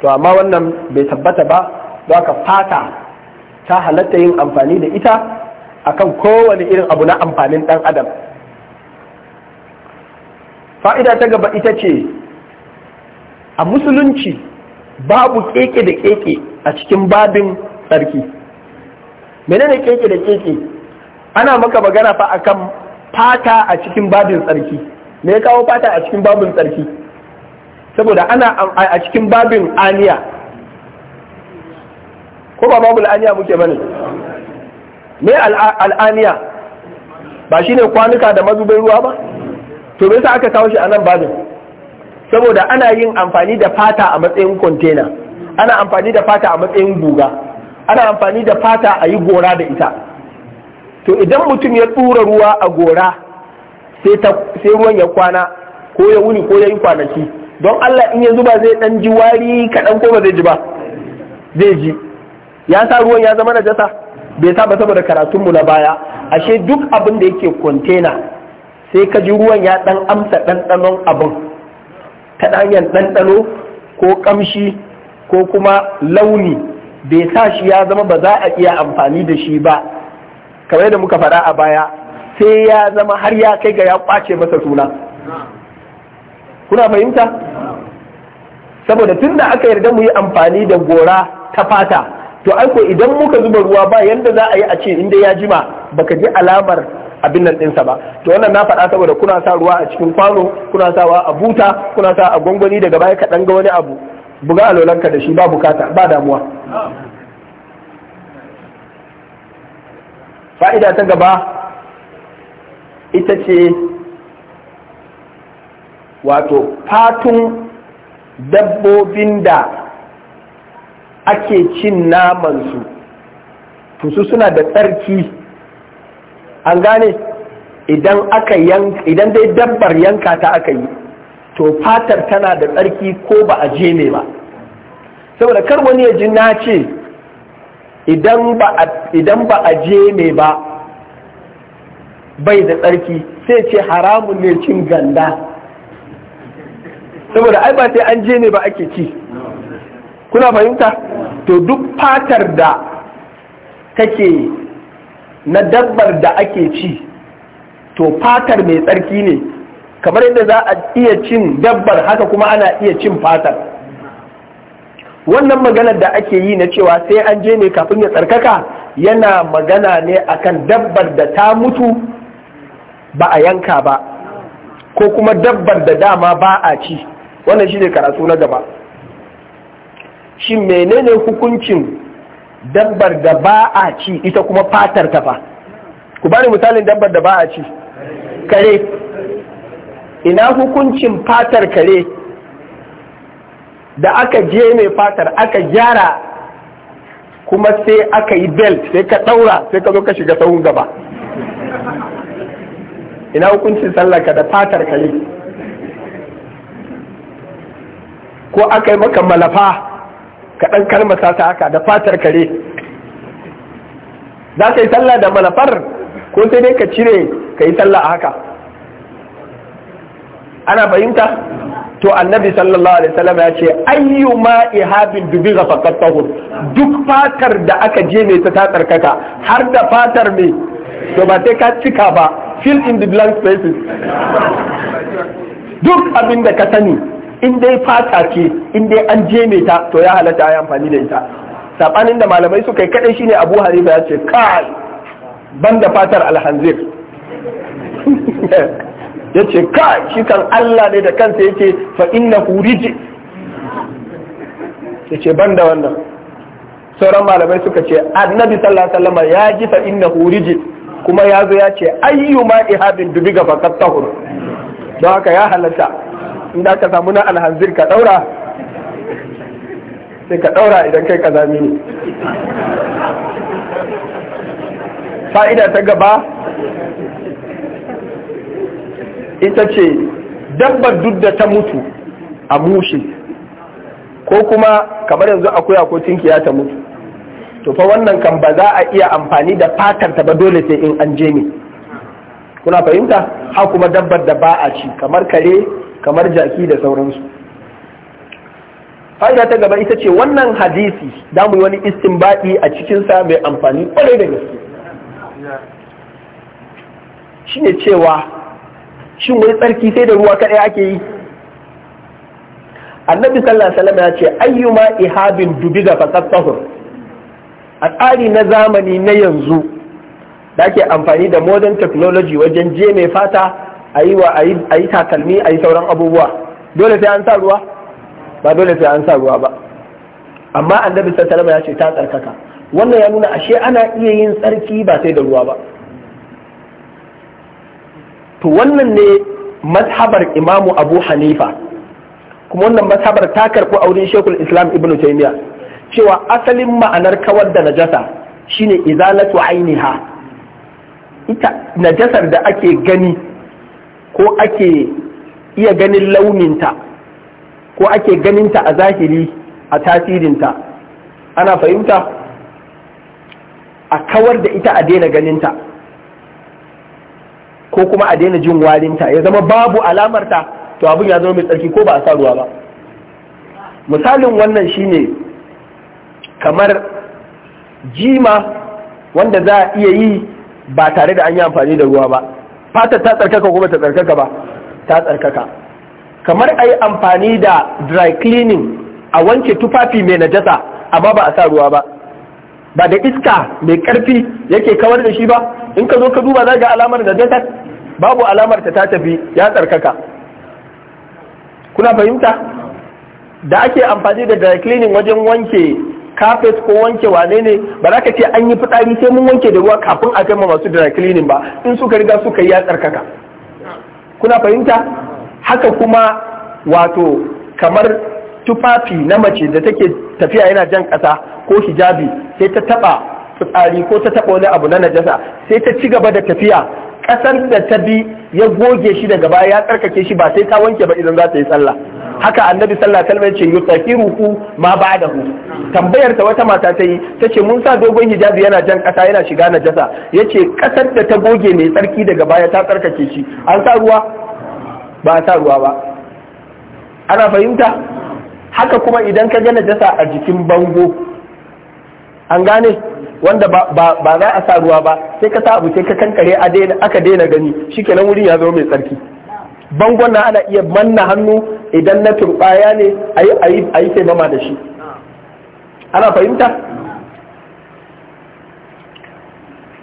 to amma wannan bai tabbata ba ba fata ta halatta yin amfani da ita akan kowane irin abu na amfanin ɗan adam fa'ida ta gaba ita ce a musulunci babu keke da keke a cikin babin tsarki menene keke da keke ana maka magana fa akan fata a cikin babin tsarki me ya kawo fata a cikin babin tsarki saboda ana a cikin babin aniya ko ba babul aniya muke bane me al'aniya ba shine kwanuka da mazubin ruwa ba to me yasa aka kawo shi a nan babin saboda ana yin amfani da fata a matsayin container ana amfani da fata a matsayin guga ana amfani da fata a yi gora da ita to idan mutum ya tsura ruwa a gora sai ruwan ya kwana ko ya wuni ko ya yi kwanaki don Allah in ya zuba zai dan ji wari kaɗan ko ba zai ji ba zai ji ya sa ruwan ya zama na najasa bai sa ba saboda karatunmu na baya ashe duk abin da yake kwantena sai ka ji ruwan ya dan amsa ɗanɗanon abin ta hanyar ɗanɗano ko ƙamshi ko kuma launi bai sa shi ya zama ba za a iya amfani da shi ba kamar yadda muka faɗa a baya sai ya zama har ya kai ga ya kwace masa suna kuna fahimta saboda tun da aka yarda mu yi amfani da gora ta fata to aiko idan muka zuba ruwa ba yadda za a yi a ce inda ya jima baka ji alamar abin nan ɗinsa ba to wannan na faɗa saboda kuna sa ruwa a cikin kwano kuna wa a buta kuna sa a gwangwani daga baya ka ɗan ga wani abu buga alolanka da shi ba bukata ba damuwa fa'ida ta gaba ita ce wato fatun dabbobin da ake cin namansu su suna da tsarki an gane idan aka idan dai dabbar yanka ta aka yi to fatar tana da tsarki ko ba a je ne ba saboda kar wani ya ji na ce idan ba a je ne ba bai da tsarki sai ce haramun ne cin ganda saboda ai ba sai an je ne ba ake ci kuna fahimta to duk fatar da take na dabbar da ake ci to fatar mai tsarki ne kamar yadda za a iya cin dabbar haka kuma ana iya cin fatar wannan maganar da ake yi na cewa sai an je ne kafin ya tsarkaka yana magana ne akan dabbar da ta mutu ba a yanka ba ko kuma dabbar da dama ba a ci wannan shi ne karatu na gaba shi menene hukuncin dabbar da ba a ci ita kuma fatar ta fa ku bani misalin dabbar da ba a ci kare ina hukuncin fatar kare da aka je mai fatar aka gyara kuma sai aka yi belt sai ka ɗaura sai ka zo ka shiga sahun gaba ina hukuncin sallaka da fatar ka yi ko aka yi maka malafa ka ɗan kalmasa ta haka da fatar kare za ka yi sallah da malafar ko sai dai ka cire ka yi sallah a haka ana fahimta to annabi sallallahu alaihi wasallam ya ce ayyu ma ihabin dubi ga duk fatar da aka je mai ta tsarkaka har da fatar mai to ba sai ka cika ba fill in the blank spaces duk abin da ka sani in dai fata ce in dai an je mai ta to ya halatta ayi amfani da ita sabanin da malamai suka yi kadai shine Abu Hanifa ya ce kai da fatar alhanzir yace ka shi kan Allah ne da kansa yake fa ya ce yace da wannan sauran malamai suka ce annabi sallallahu alaihi ya ji fa inna hurije kuma ya zo ya ce ma ihabin dubiga fa qattahur don haka ya halatta inda ka samu na alhanzir ka daura sai ka daura idan kai kazami ne fa'ida ta gaba ita ce dabbar duk da ta mutu a bushe ko kuma kamar yanzu akwai akwai ya ta mutu to fa wannan kan ba za a iya amfani da fatar ta ba dole sai in an je ne kuna fahimta ha kuma dabbar da ba a ci kamar kare kamar jaki da sauransu fa'ida ta gaba ita ce wannan hadisi da mu wani istinbadi a cikinsa mai amfani kwarai da gaske shine cewa shin wai tsarki sai da ruwa kaɗai ake yi annabi sallallahu alaihi wasallam ya ce ayyuma ihabin dubiga fa tahur a tsari na zamani na yanzu da ake amfani da modern technology wajen je mai fata a yi takalmi a yi sauran abubuwa dole sai an sa ruwa ba dole sai an sa ruwa ba amma annabi sallallahu alaihi wasallam ya ce ta tsarkaka wannan ya nuna ashe ana iya yin tsarki ba sai da ruwa ba to wannan ne mazhabar imamu abu hanifa kuma wannan mazhabar ta karɓi wurin shekul islam ibnu taimiya cewa asalin ma'anar kawar da najasa shine izalatu ainiha ita najasar da ake gani ko ake iya ganin launinta ko ake ganinta a zahiri a tasirinta ana fahimta a kawar da ita a daina ganinta ko kuma a daina jin warinta ya zama babu alamarta to abin ya zama mai tsarki ko ba a sa ruwa ba misalin wannan shine kamar jima wanda za a iya yi ba tare da an yi amfani da ruwa ba fatar ta tsarkaka ko ba ta tsarkaka ba ta tsarkaka kamar a yi amfani da dry cleaning a wanke tufafi mai najasa amma ba a sa ruwa ba ba da iska mai karfi yake kawar da shi ba in ka zo ka duba za ga alamar da zai babu alamar ta tafi ya tsarkaka kuna fahimta da ake amfani da dry cleaning wajen wanke kafet ko wanke wane ne ba za ka ce an yi fitsari sai mun wanke da ruwa kafin a kai masu dry cleaning ba in suka riga suka yi ya tsarkaka kuna fahimta haka kuma wato kamar tufafi na mace da take tafiya yana jan ƙasa ko hijabi sai ta taba fitsari ko ta taba wani abu na najasa sai ta ci gaba da tafiya Ƙasar da ta bi ya goge shi daga baya ya tsarkake shi ba sai ta wanke ba idan za ta yi sallah haka annabi sallallahu alaihi wasallam ya ce ruku ma ba'dahu tambayar ta wata mata ta yi ta ce mun sa dogon hijabi yana jan kasa yana shiga najasa yace kasar da ta goge mai tsarki daga baya ta tsarkake shi an sa ruwa ba a sa ruwa ba ana fahimta haka kuma idan ka ga najasa a jikin bango an gane wanda ba za a sa ruwa ba sai ka sa abu sai ka kankare aka daina gani shikenan wurin ya zama mai tsarki bangon na ana iya manna hannu idan na turbaya ne a yi taimama da shi ana fahimta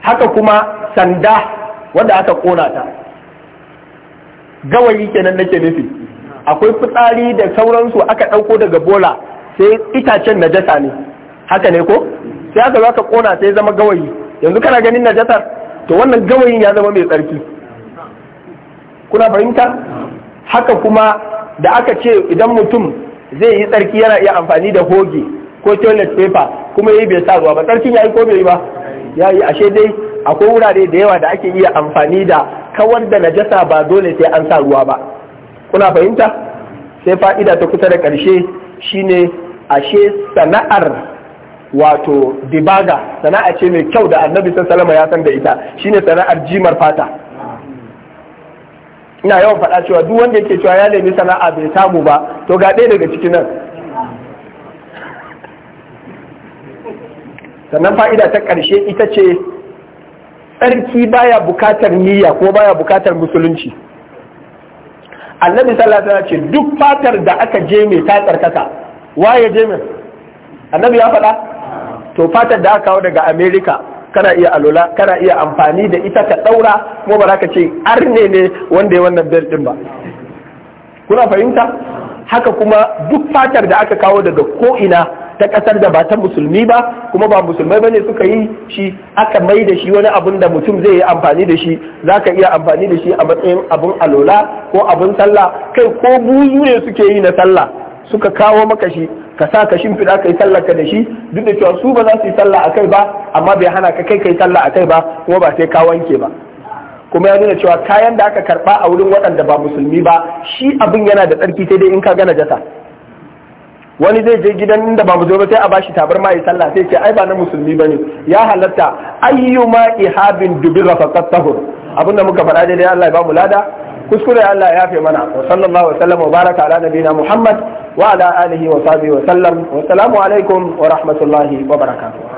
haka kuma sanda wanda aka kona ta gawayi kenan nake nufi akwai fitsari da sauransu aka ɗauko daga bola sai itacen najasa ne haka ne ko sai aka za ka kona sai zama gawayi yanzu kana ganin najasar to wannan gawayin ya zama mai tsarki kuna fahimta haka kuma da aka ce idan mutum zai yi tsarki yana iya amfani da hoge ko toilet paper kuma yayi bai sa ruwa ba tsarkin yayi ko bai yi ba yayi ashe dai akwai wurare da yawa da ake iya amfani da kawar da najasa ba dole sai an sa ruwa ba kuna fahimta sai fa'ida ta kusa da karshe shine ashe sana'ar wato dibaga sana'a ce mai kyau da annabi salama ya san da ita shine sana'ar jimar fata ina yawan faɗa cewa duk wanda yake cewa ya nemi sana'a bai samu ba to ga ɗaya daga cikin nan sannan fa'ida ta ƙarshe ita ce tsarki baya bukatar niyya ko baya bukatar musulunci annabi sallallahu alaihi ce duk fatar da aka je mai ta tsarkaka waye je mai annabi ya faɗa to fatar da aka kawo daga Amerika kana iya alola kana iya amfani da ita ka daura kuma ba za ka ce arne ne wanda ya wannan bel din ba kuna fahimta haka kuma duk fatar da aka kawo daga ko ina ta kasar da ba ta musulmi ba kuma ba musulmai bane suka yi shi aka mai da shi wani abun da mutum zai yi amfani da shi za ka iya amfani da shi a matsayin abun alola ko abun sallah kai ko buyu ne suke yi na sallah suka kawo maka shi ka sa ka shimfiɗa kai sallar ka da shi duk da cewa su ba za su yi sallah a kai ba amma bai hana ka kai kai sallah a kai ba kuma ba sai ka wanke ba kuma ya nuna cewa kayan da aka karba a wurin waɗanda ba musulmi ba shi abin yana da tsarki sai dai in ka gana jasa wani zai je gidan inda ba mu zo ba sai a bashi tabar ma ya sallah sai ce ai ba na musulmi ba ne?" ya halatta ayyuma ihabin dubira faqat tahur abinda muka faɗa daidai Allah ya ba mu lada kuskure Allah ya fi mana wa sallallahu wa sallam baraka ala nabiyina Muhammad wa ala alihi wa sahbihi wa sallam wa assalamu alaikum wa rahmatullahi wa barakatuh